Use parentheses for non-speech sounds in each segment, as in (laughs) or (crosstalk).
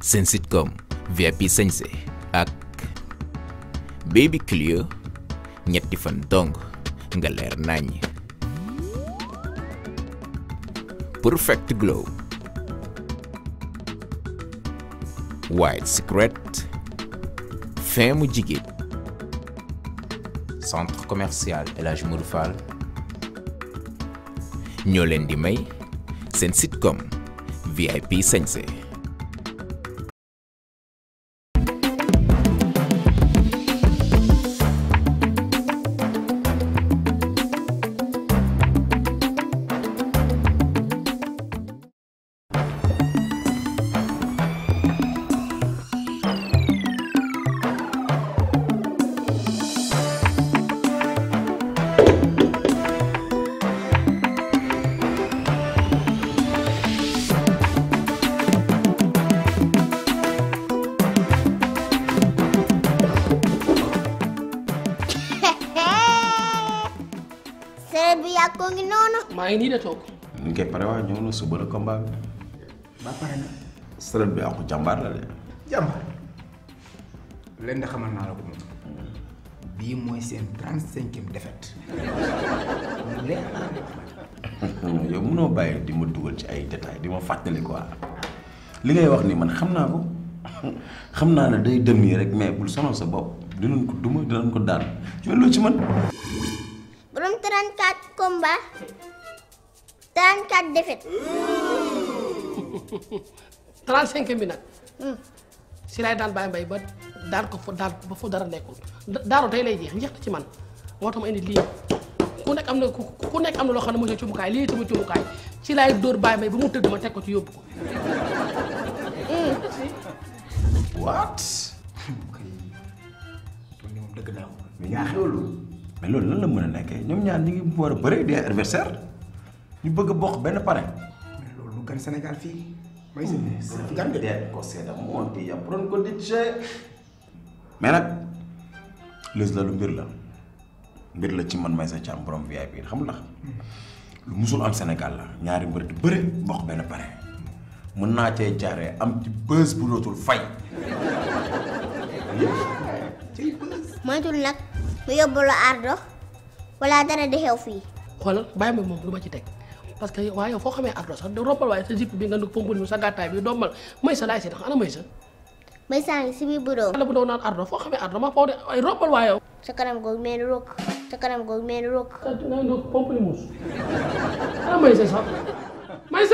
seen sitcom VIP sañse ak Baby Clio ñetti fan dong nga leer naññ Perfect Glow White Secret fin mu jigéen centre commercial El Hadj Modou ñoo leen di may seen sitcom VIP sañse Ini nii de toog ñu koy pare waa ñëw na suba la combat bi ba pare na sërët bi aku jàmbaar la de jàmbaar leen de xamal naa la ko moom bii mooy seen trente cinquième défaite (laughs) ya, mu leer yow mënoo di ma ci ay détails di ma quoi li ngay wax ni man xam ko xam naa day rek mais bul sonal sa bopp dinañ ko duma dinañ ko daan ci loo ci man borom 34 combat 34 défaites. 35 bi nag. ci laay daan bàyyi mbay ba daan ko fa dara nekkul daaro tey lay jeex njeex na ci man moo tax ma indi lii ku nekk am na ku nekk am na loo xam ne mooy sa cumukaay lii tamit cumukaay ci laay dóor bàyyi mbay ba mu tëdd ma teg ko ci yóbbu ko. (laughs) what. (laughs) mais yaa loolu. loolu lan la mën a nekkee ñoom ñaar ñu ngi war a bëre di adversaire ñu bëgg bokk benn parrain loolu lu gën Sénégal fii may si fi gan de ko seeda monti ya pron ko ditche mais nag lës la lu mbir la mbir la ci man may sa cam borom VIP xam la hmm. lu musul am Sénégal la ñaari mbir di bëre bokk benn parrain mën naa cee jaaree am ci bëss bu dootul fay moytul nag mu yóbbu la ardo wala dara di xew fii xoolal bàyyi ma moom lu ma ci teg parce que waaye yow foo xamee ardo sax da roppal waaye sa jipp bi nga nu pomp ni sa gàttaay bi dombal may sa laay si tax ana may sa may saa ngi si biir bu doon la bu doon naan ardo foo xamee ardo ma foo de ay roppal waaye yow sa kanam googu mel rokk sa kanam googu mel rokk nga pomp sax may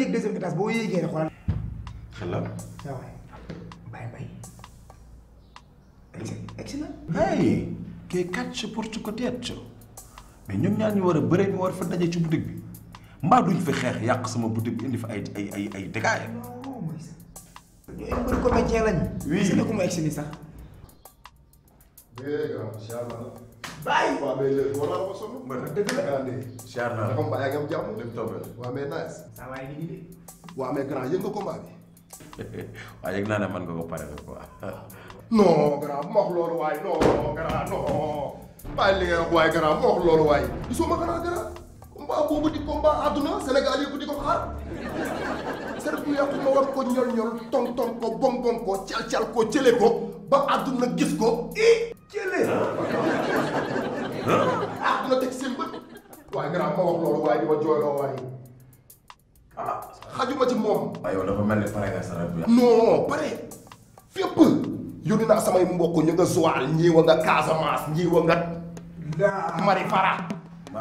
yëg deuxième étage boo yëgee rek xoolal. xelal. saa waay ah bàyyi bàyyi. excellent. hey kay kàcc porte ko tête mais ñoom ñaar ñu war a bëree ñu war fa daje ci boutique bi mbaa duñ fi xeex yàq sama boutique bi indi fa ay ay ay ay dégâts. non mooy sax. yooyu mbëri comédien lañ. oui gis nga ko mu egsi nii sax. Bye. waaw mais léegi de. non aku dina teg seen bët nga ma wax loolu waaye di ma jooyloo waaye ah xajuma ci moom. waaye dafa mel pare nga sara bi. non pare fépp yónni naa samay mbokk ñu nga Joal ñii wa nga Casamance ñii wa nga. mari fara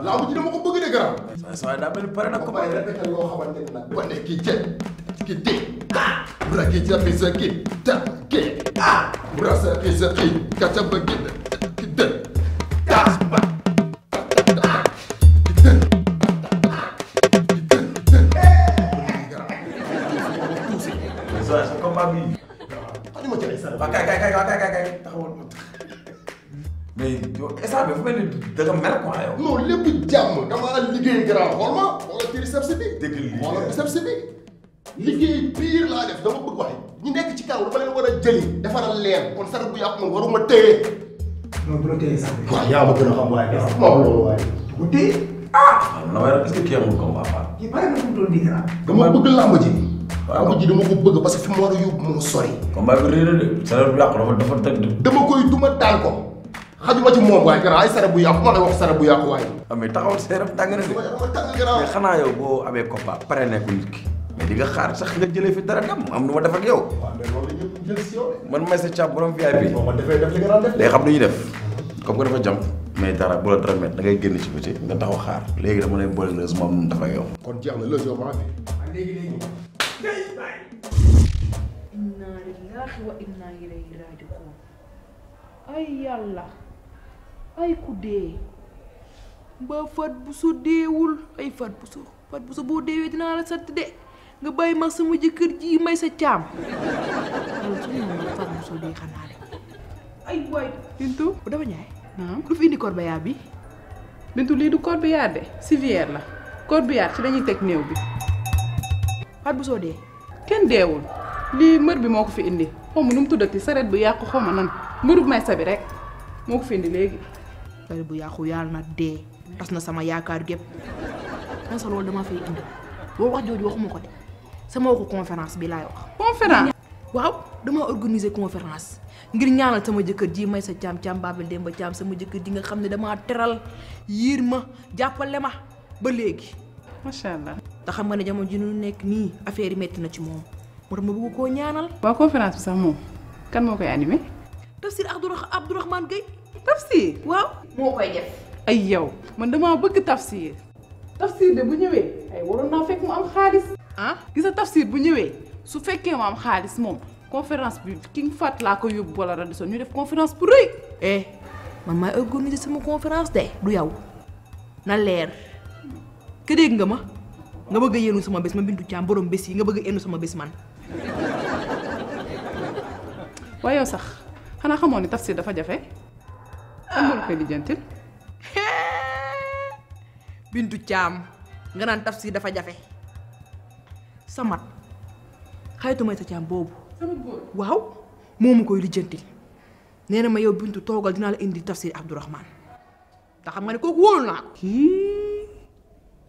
laa bu ci dama ko bëgg de garam. saa saa mel pare na ko pare rek loo xamante ne nag. wane kii jë de ah. bura kii jafe sa kii ta kii ah. bura sa kii sa ka ca bëgg de de. xajuma ci ay sànq. waaw kay kay kay kay kay kay taxawal ma. mais yow instant bi fu mel ni da nga mer quoi yow. non lépp jàmm damaa liggéey grand xool ma xoolal ci reception bi. dëgg lii xoolal reception bi. liggéey biir laa bëgg ñu nekk ci kaw dama leen a jëli defaral leer kon sax bu yàqu moom waruma la a xam waaye. yaa ma loolu na waaw ko dama ko bëgg parce que fi mu war a yóbbu moo sori. combat bi réer de sare bu yàqu dafa dafa tëdd. dama koy duma taal ko xajuma ci moom waaye gannaaw bu yàqu ma lay wax sare bu yàqu waaye. waaw ah, mais taxawal sare bu xanaa yow boo amee combat pare nekkul nit ki. mais di nga xaar sax jëlee fi dara dem am nu ma def ak yow. waaw man may sa càpp borom VIP. boo ma defee def xam nu ñuy def comme que dafa jàmp. mais dara bu la dara met da ngay génn ci biti nga taxaw xaar léegi dama lay boole lëz moom dafa yow. inna lillahi wa inna ay yàlla ay ku dee mbaa Fat Bousso deewul ay Fat Bousso Fat Bousso boo deewee dinaa la sant de nga bàyyi ma sama jëkkër ji may sa caam loolu su ma Fat ñaay naam lu fi indi corbillard bi bintu lii du corbillard de civière la corbillard ci dañuy teg néew bi Fatou Bousso Ken kenn deewul li meur bi moko fi indi xaw ma nu mu saret bu yàqu xoma nan nan mërub maysa bi rek moko fi indi legi sareet bu yàqu yal na de tas na sama yakar gep na sa lol dama fay indi bo wax jooju waxuma ko de sama waxu conférence bi lay wax. conférence waw dama organiser conférence ngir ñaanal sama jëkkeer ji may sa cham cham Babel Demba cham sama jëkkeer di nga xamne dama teral yirma ma ma ba legi machallah allah. te xam nga ne jamono ji nu nekk nii affaire yi métti na ci moom moo tax ma bëgg koo ñaanal. waaw conférence bi sax moom kan moo koy animé. Tafsir Abdourahmane Gueye. Tafsir. waaw moo koy def. ay yow man damaa bëgg Tafsir. Tafsir de bu ñëwee ay waroon naa fekk mu am xaalis. ah gis nga Tafsir bu ñëwee su fekkee mu am xaalis moom conférence bi King Fat laa ko yóbbu wala Radisson ñu def conférence bu rëy. eh man maay organiser sama conférence de du yow na leer nga nga bëgg yenu sama bés ma bintu am borom bés yi nga bëgg yenu sama bés man wayo sax xana xamoon ni tafsir dafa jafé kan moo la koy lijjantil bintu caam nga nan tafsir dafa jafé samat xaytu may sa am bobu waw momu koy lijjantil neena ma yow bintu togal dina la indi tafsir abdourahman te xam nga ne koku wolna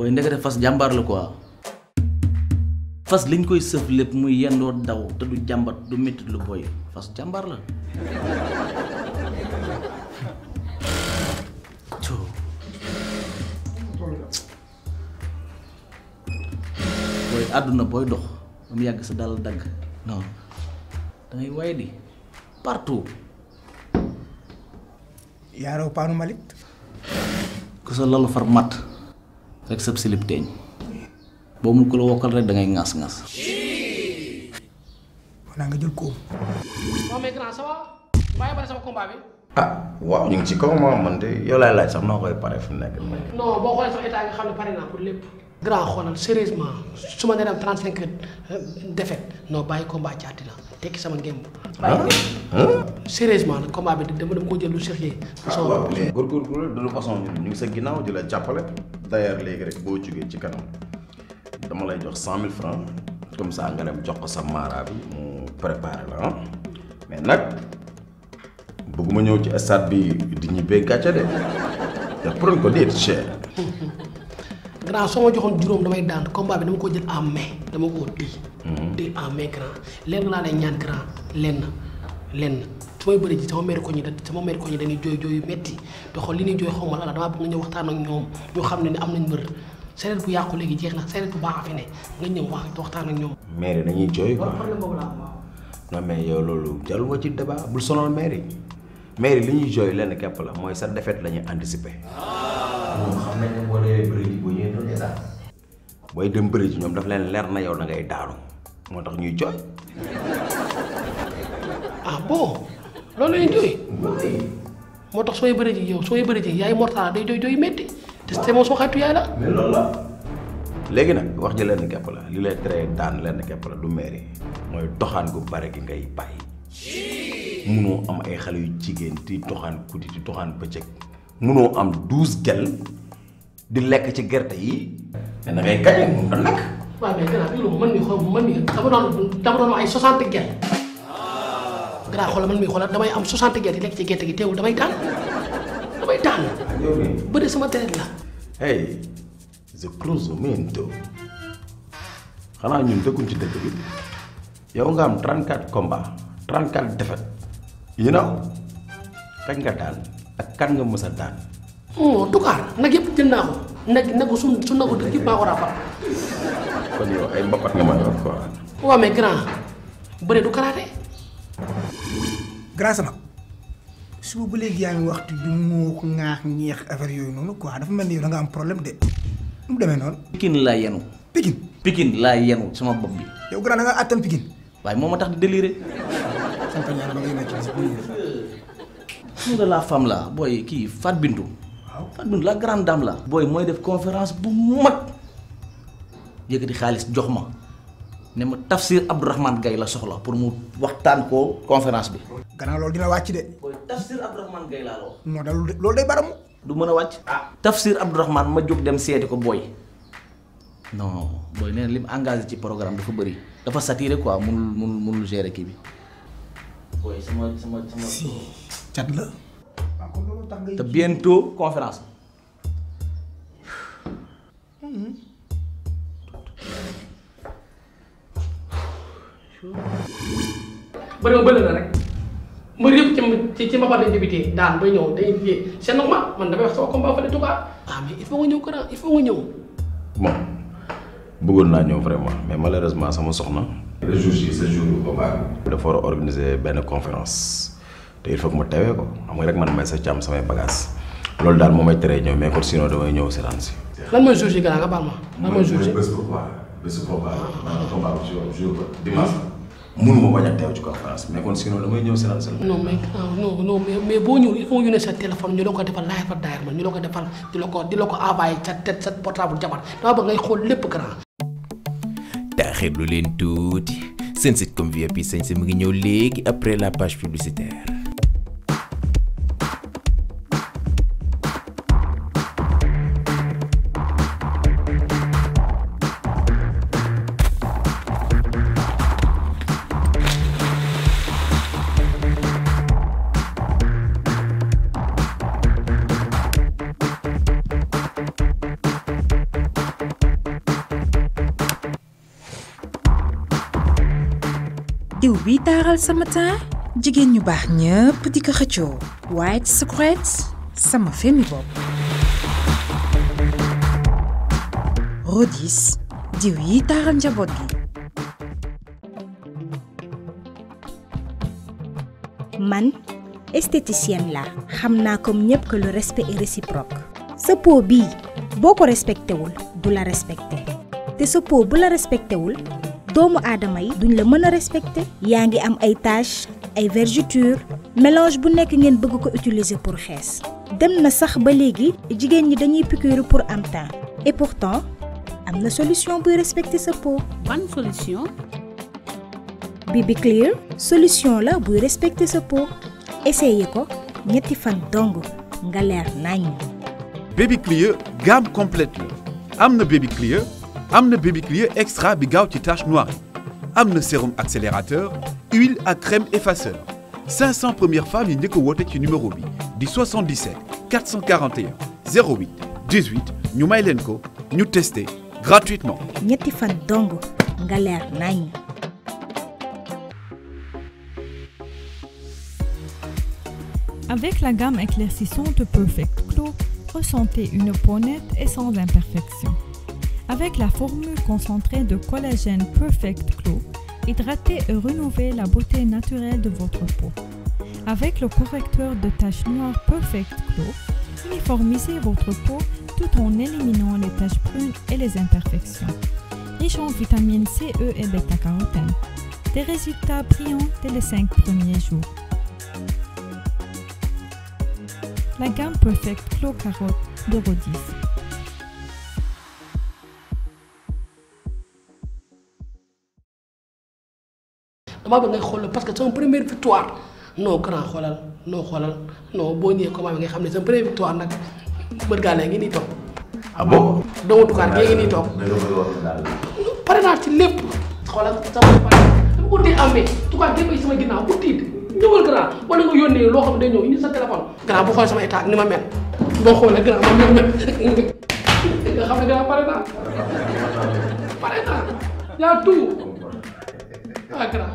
boo def fas jambar la quoi fas liñ koy lepp muy yendo daw te du jambat du metti lu boy, fas jambar la boy aduna boy dox ba yag sa dal dag non da ngay way di partout yaaraw panu malik ko sa lalu far mat rek sab silib teeñ boo mu ko la wokkal rek da ngay ŋaas-ŋaas walla nga jël kóob ah waaw ñu ngi ci kaw ma man de yow laay laaj sax noo koy pare fu nekk non boo xoolee sax état nga xam ne pare naa pour lépp grand xoolal sérieusement su ma nee dem trente cinq noo euh, non bàyyi combat caati la tekki sama ngemb. Ah, ah. sérieusement nag combat bi dama dama ko jël lu sérieux. ah waaw mais góorgóorlu de toute façon ñun ñu ngi sa ginnaaw di la jàppale. d'ailleurs léegi rek boo jógee ci kanam dama lay jox cent mille francs comme ça nga dem jox ko sa mara bi mu préparé la ah mais nag bëgguma ñëw ci stade bi di ñibbee gàcce de te prene ko déet cher. grand soo ma joxoon juróom damay daan combat bi dama ko jël en main dama ko téye. téye mhm. en main grand lenn laa lay ñaan grand lenn lenn su may bëri ji sama ko ñi da sama mère ko ñi dañuy jooy jooy yu metti te li ñuy xaw ma la damaa bëgg nga ñëw waxtaan ak ñoom ñu xam ne ne am nañ mbër sereet bu yàqu léegi jeex na sereet bu baax a fi ne nga ñëw wax waxtaan ak ñoom. mère dañuy jooy quoi problème boobu laa non mais yow loolu jarul woo ci débat bul sonal mère yi mère yi li ñuy jooy lenn képp la mooy sa défaite la ñuy anticiper. Ah. xam nañ ne boy dem bëri ci ñom daf leen leer na yow da ngay daaru motax ñuy joy ah bo loolu lay joy motax soy sooy ci yow soy bëri ci yaay mortal day joy joy metti te c'est mon soo yaay la mais loolu la léegi wax ji leen kepp la li lay tere daan leen kepp la du méré moy doxaan gu bari gi ngay bay munoo am ay xale yu jigéen di doxaan guddi di doxaan bëccëg munoo am 12 gel di lekk ci gerte yi mais da ngay gagné moom da nak waaw mais gannaaw bi lu mën ya? ya? gitu ya, kan? kan? iya, mi xool mën mi dama doon dama doon ay 60 guerre gannaaw xoolal man mi xoolal damay am 60 guerre di ci gerte gi teewul damay damay sama la hey the cruzamento xanaa ñun dëkkuñ ci dëkk bi yow nga am 34 combat 34 you know kañ nga daan ak kan nga mës a daan. non Dakar ko ndag nagu sun sun nagu dëkk ba wara fa kon yow ay mbapat nga ma yor quoi wa mais grand bëre du karaté grâce nak suba ba légui yaangi waxtu du mo ngaax ñeex affaire yoy nonu quoi dafa melni yow da nga am problème de mu démé non sama bob Ya yow grand nga atam pikin mau matang delire. di délirer sant ñaan ba ngay nekk fam lah, ñu boy ki fat bindu Fatou la grande dame la. boy moy def conférence bu mag jox ma ne ma Tafsir abdourahman gay la soxla pour mu waxtaan ko conférence bi. ganna lol dina wacc de. boy Tafsir abdourahman gay la lol non da lol day baram du wacc ah Tafsir abdourahman ma jóg dem sété ko boy non boy ne lim engagé ci programme dafa bëri dafa satiré quoi mënul mënul mënul gérer ki bi. boy sama sama sama. chat la. te bientôt conférence bëri na bëri na rek mbir yëpp ci ci ci Mbapat lañ débuté daan bay ñëw day liggéey c'est normal man damay wax sama combat fa tout cas ah mais il faut nga ñëw courant il faut nga ñëw. bon bëggoon naa ñëw vraiment mais malheureusement sama soxna. le jour ci ce jour bi dafa war organiser benn conférence. te il faut que ma ko xam nga rek man may sa càmm samay bagage loolu daal moo may teree ñëw mais kon sinon damay ñëw si rànd si. lan mooy jour ji gannaaw nga baal a teew si rànd si. non mais ah, non non boo ñëw il faut ñu ne sa téléphone ñu la ko defal laaj fa daayar ñu la ko defal di la ko di la ko envoyé sa tête sa portable jabar dama bëgg ngay xool lépp grand. taaxirlu leen tuuti. C'est comme VIP à mu mon ñëw après la page publicitaire sama teint jigéen ñu baax ñëpp di ko xëccoo White Secret sama femi yi taaral njaboot man esthéticienne la xam naa comme ñëpp que le respect est réciproque sa bii boo ko respecté wul du la respecté te sa bu la respecté wul doomu aadama yi duñ la mën a respecter yaa ngi am ay taches ay vergetures mélange bu nekk ngeen bëgg ko utiliser pour xees dem na sax ba léegi jigéen ñi dañuy piqûre pour am temps et pourtant am na solution buy respecter sa peau. ban solution. Baby Clear solution la buy respecter sa peau essayé ko ñetti fan dong nga leer nañ. Baby Clear gamme complète la am na Clear un bébé extra bi ci tache noire Amne sérum accélérateur huile à crème effaceur 500 premières femmes yi numéro 8 77 441 08 18 ñu may gratuitement. Avec la gamme éclaircissante Perfect Clou, ressentez une peau nette et sans imperfection. Avec la formule concentrée de collagène Perfect Glow, hydratez et renouvelez la beauté naturelle de votre peau. Avec le correcteur de taches noires Perfect Glow, uniformisez votre peau tout en éliminant les taches brunes et les imperfections. Riche en vitamines C, E et bêta-carotène. Des résultats brillants dès les 5 premiers jours. La gamme Perfect Glow Carotte de 10 dama bëgg ngay xool parce que sama première victoire non grand xoolal non xoolal non boo ñëwee combat bi nga xam ne sama première victoire nag mbër gaale ngi nii toog. ah bon doomu tukaar gi ngi nii toog. pare naa ci lépp. xoolal sama pare dama uti amee tukaar gépp sama ginnaaw utiit ñëwal grand wala nga yónnee loo xam ne day ñëw indi sa téléphone. grand bu xool sama état ni ma mel boo xoolee grand ma mel nga xam ne grand pare naa pare naa yaa tout ah grand.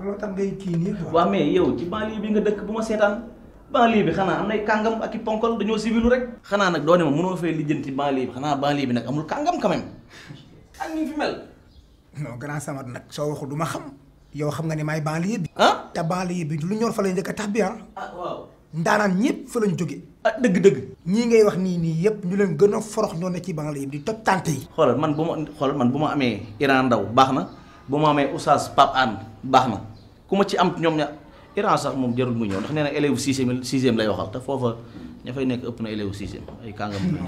loolu tax ngay kii nii quoi. waaw mais yow ci banlieue bi nga dëkk bu ma seetaan banlieue bi xanaa am nay kàngam ak i ponkal dañoo civilu rek. xanaa nag doo ne ma mënoo fay lijjanti banlieue bi xanaa banlieue bi nag amul kàngam quand même ak ñu fi mel. non grand Samad nag soo waxul du xam yow xam nga ne maay banlieue bi. ah te bali bi lu ñor fa lañ njëkk tax bi ah. ah waaw. ndaanaan ñëpp fa lañ jóge ah dëgg-dëgg ñii ngay wax nii nii yëpp ñu leen gën a forox ñoo ne ci banlieue di toj tànte yi xoolal man buma ma man buma ma Iran ndaw baax bu ya ma amee oustaz pap an baxna kuma ci am ñom ña Iran sax mom jarul mu ñew ndax neena nee 6e 6e lay waxal ta foofa ña fay nek ëpp na élève 6e ay kàngam la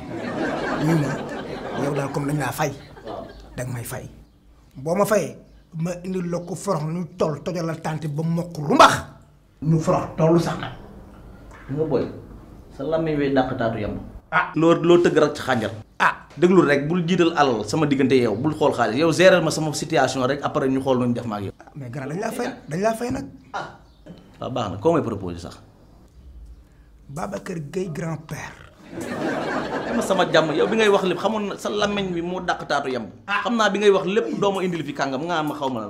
ñu ma yow daal comme dañ la fay dag may fay boo ma fayee ah. ma indi la ko forox nu toll tojalal tante ba mokku lu mbax ñu forox tolu sax na nga boy sa lamé wé dakk taatu yam ah lo lo teug rek ci xanjal ah deglu rek bul jidal alal sama digënté yow bul xol xaalis yow gérer ma sama situation rek après ñu xol luñu def ma ak yow ah, mais grand dañ la fay dañ la fay nak ah ba baxna ko may proposer sax babacar gay grand père dama sama jamm yow bi ngay wax lepp xamone sa lamagne bi mo dak taatu yam xamna bi ngay wax lepp doomu indil fi kangam nga ma xawma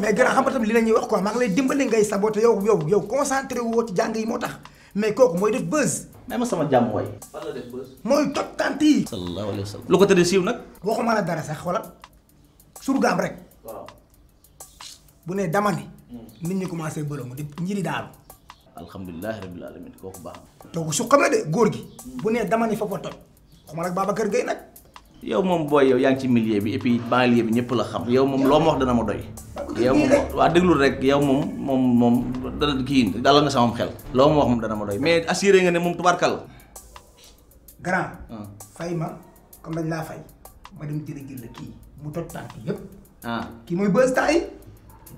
mais grand xam tam li lañuy wax quoi ma ngi lay dimbali ngay saboter yow yow yow concentré wu ci jang yi motax mais koku moy def buzz may ma sama jàmm waay. fan la def bës. mooy toj tànt yi. sallallahu alayhi wa sallam. lu ko tëddee siiw nag. waxuma la dara sax xoolal surgaam rek. waaw. bu ne dama ni. Hmm. nit ñi commencé bëlongu di njiri daal. alhamdulilah rabil alamin kooku baax na. donc su xam ne de góor gi. Hmm. bu ne dama ni fa fa toj. waxuma la ak Babacar Gueye nag. yow mom boy yow yang ci milieu bi et puis banlieue bi ñepp la xam yow mom lo ma wax dana ma doy yow mom wa deglu rek yow mom mom moom dana kii dalal nga sama xel lo mo wax mom dana ma doy mais assurer nga ne mom tubarkal grand ah. fay ma comme dañ la fay ma dem jële jël ki mu tok tank yépp ah ki moy beus tay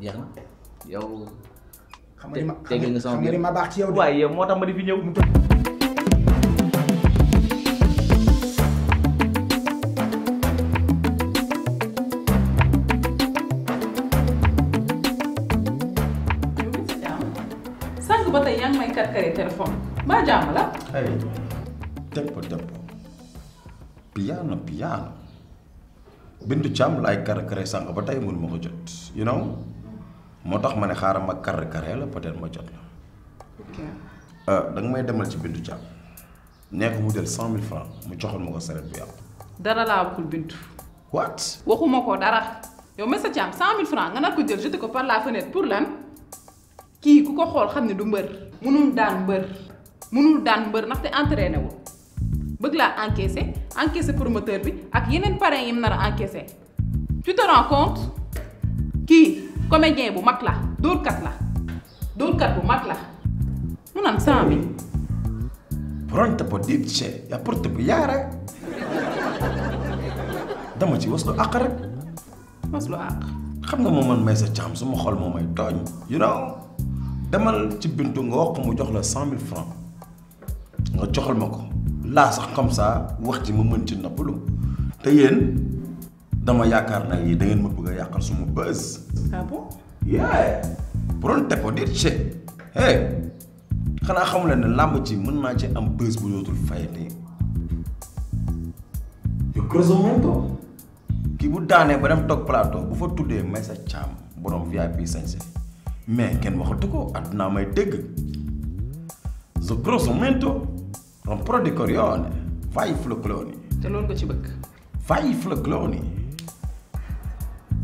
jeex na yow xam nga ni ma xam nga ma bax ci yow way yow motax ma di fi ñew mu tok takkale téléphone ba jàmm la ay deppo piano piano bindu càmm laay kar kare sànq ba tey mënuma ko jot you know moo tax ma ma kar kare la peut-être ma jot la da nga may demal ci bindu jam. nee ko mu jël cent mille franc mu joxal ma ko bu yàqu dara laa waxul bintu what waxuma ko dara yow message jam 100.000 mille franc nga nar ko jël jeté ko par la fenêtre pour lan kii ku ko xool xam ne du mbër daan mbër daan mbër te entraîné wul bëgg laa encaissé encaissé promoteur bi ak yeneen parrain yi mu nar tu te rends compte kii comédien bu mag la des la dóorkat bu mag la mu de faire bi prontapo dibce ya porte bu yaara dama ci waslu àq rek waslu àq xam nga moom man may sa caam suma xol moo you know demal ci bintu nga wax mu jox la cent mille francs nga joxal ma ko laa sax comme saa wax ji ma mën ci noppalu te yéen dama yaakaar naa yi da ngeen ma bëgg a yàqal suma bës. ah bon. yeah pronte ko dir ci hey xanaa xamu leen ne làmb ci mën naa ci am bës bu dootul fay yow creuse kii bu daanee ba dem toog plateau bu fa tuddee may sa caam borom VIP sañse mais kenn waxatu ko addunaa may dégg zo grosso mento rompro di corione fai flocloni te loolu nga ci bëgg fai flocloni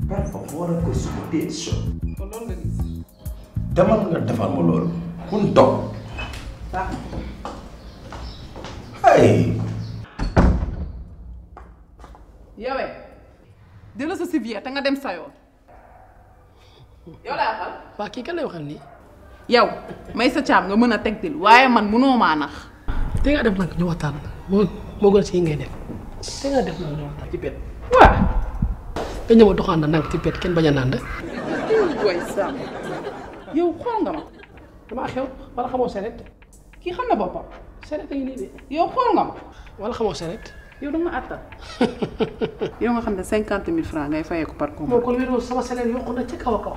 per favore questo tesso nga gis ma loolu kun toog baax hey yowe eh, jëla sa civière te nga dem sa yoon Yola, laa kan waxal. kan ni? Yau, mai sa cham Thiam nga tek a tegtil man muno maa nax. te nga def nag ñu waxtaan moo moo gën si ngay def te nga def nag ñu tipet. ci pet. waaw. nga ñëw doxaan nag ci Sam Yau, xool nga ma. damaa xew wala xamoo senet, kii xam na bapa, senet ini de. Yau, xool nga ma. wala xamoo seret. yow da nga ma àttal. (laughs) yow nga xam ne francs ngay par sama kaw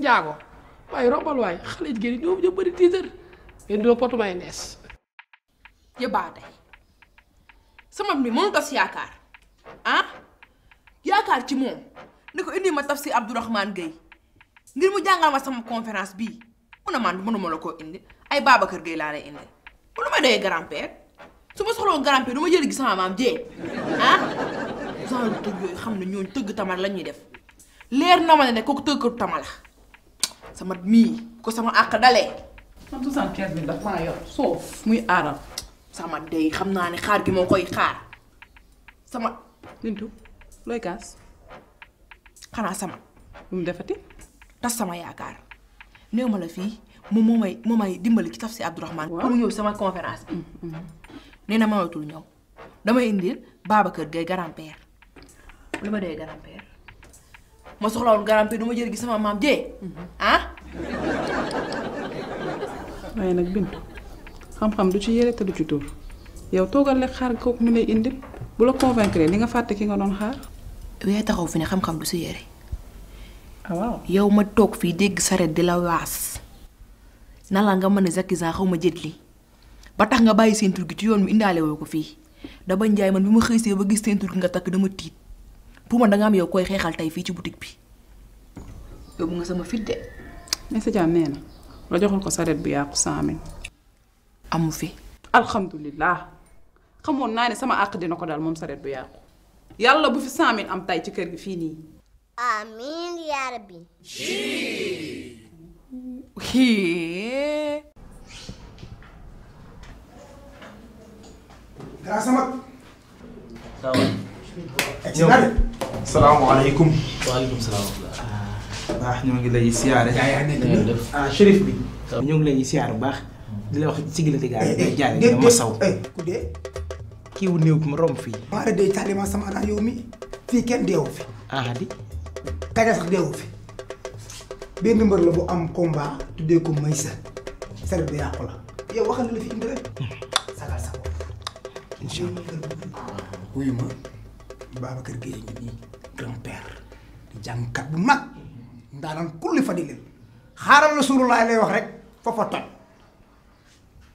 Jago, waaye rombal way khalid jigéen ñi ñoom ñoo bëri tiitar ngeen doo potu may nees yëbaate ya sama mi mo tas yaakar ah yaakar ci mom niko indi ma tafsi abdourahman gueye ngir mu jangal ma sama conférence bi mu na man mënuma la koo indi ay babakar gueye la lay indi mu may grand père su ma grand père duma jël gi sama mam djé ah sa tujuh, yooyu xam ne ñooñu tëgg tama la def leer na ma ne ko teug sama mii ko sama àq dalee. man tout cent muy aaral. sama dey xam naa ne xaar gi moo koy xaar sama. Bintu looy kaas. xanaa sama. lu mu defati. tas sama yaakaar new ma la fii moom moo may moo dimbali ci tafsir Abdourahmane. waaw pour ñëw sama conférence bi. Mm, mm. nee na mënatul ñëw. damay indil Babacar Gueye grand-père. li ma dee grand-père. ma soxlawul garanti du ma jër gi sama maam jee ah. waaye nag Bintu xam-xam du ci yére te du ci tuur yow toogal lekk xaar kooku mu lay indi bu la convaincre li nga fàtte ki nga doon xaar. yaay taxaw fi ne xam-xam du ci yére. ah yow ma toog fii dégg saret di la waas. na la nga mën a zakisa xaw ma jët li ba tax nga bàyyi seen gi ci yoon mi indaale woo ko fii da bañ jaay man bi ma xëysee ba gis seen gi nga takk dama tiit. tuuma da nga am yow koy xeexal tey fii ci boutique bi yóbbu nga sama fit de. mais sa jaan nee na la joxul ko saret bu yàqu cent mille. amu fi. alhamdulilah xamoon naa ne sama àq dina ko daal moom saret bu yàqu. yàlla bu fi cent mille am tay ci kër gi fii nii. amiin yaa rabbi. grâce à ma. السلام عليكم وعليكم السلام ورحمه الله احنا نقول لي سياره يعني احنا اه شريف بي نقول لي سياره باخ دي واخ سيغل دي إيه، جاري دي جاري ما سو إيه، كودي كي ونيو مروم في ما ردي تعلي ما سمع على يومي في كان ديو في اه دي كاجا سخ ديو في بين نمبر لو ام كومبا تدي كو ميسا سير بيا خولا يا واخا لي في اندري سغال سغال ان شاء الله ويما بابا كرجي ني grand-père di jàngkat bu mag ndaanaan kulli fa di leen xaaral Rasulullah lay wax rek foofa toj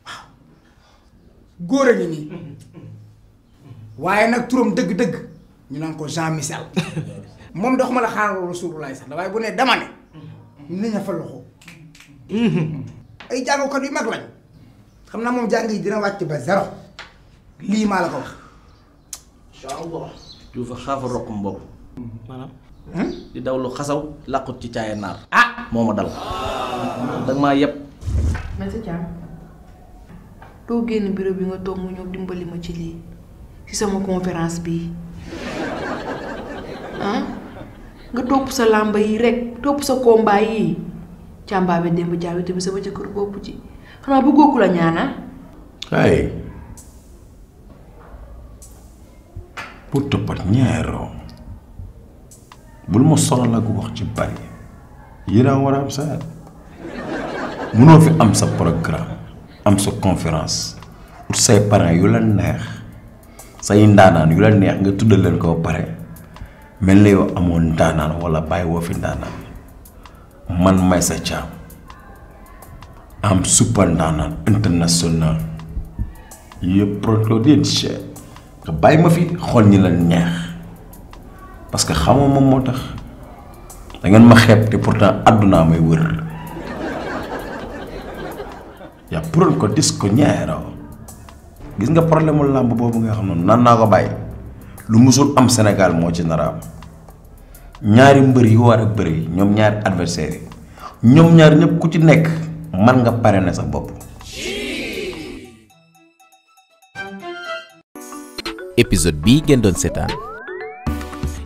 waaw góor a nii waaye nag turam dëgg-dëgg ñu nan ko Jean Michel moom dox ma la xaaral Rasulullah sax waaye bu nee dama ne naña fa loxo ay jàngkat yu mag lañ xam naa moom jàng yi dina wàcc ba zéro lii maa la ko wax. incha allah. maanaam hmm? di dawlu xasaw laqut ci caaye nar ah moma dal dag ma yeb ma ci Thiam do genn biro bi nga toog mu ñëw dimbali ma ci li ci sama conférence bi hein nga top sa lamba yi rek top sa combat yi be demb jaawite bi sama jëkkër bop ci xana bu goku la ñaana ay pour ñaaro bul ma sonal ak wax ci bari yéen a war a am sa mënoo fi am sa programme am sa conférence pour say parents yu la neex say ndaanaan yu la neex nga tuddal leen ko pare mel na yow amoon ndaanaan wala bàyyi woo fi ndaanaan man may sa caam am super ndaanaan international yëpp bàyyi ma fi xool ni la neex parce que xamoo moom moo tax da ngeen ma xeeb te pourtant àddunaa may wër ya puroon ko dis ko ñaaroo gis nga problème làmb boobu nga xam nan naa ko bàyyi lu musul am Sénégal moo ci naraam ñaari mbër yi war a bëri ñoom ñaari adversaire yi ñoom ñaar ñëpp ku ci nekk man nga pare na sa bopp épisode bii ngeen doon seetaan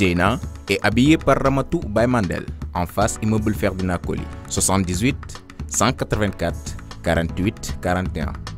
Jena et habillé par Ramatou Baymandel en face immeuble Ferdinand 78 184 48 41.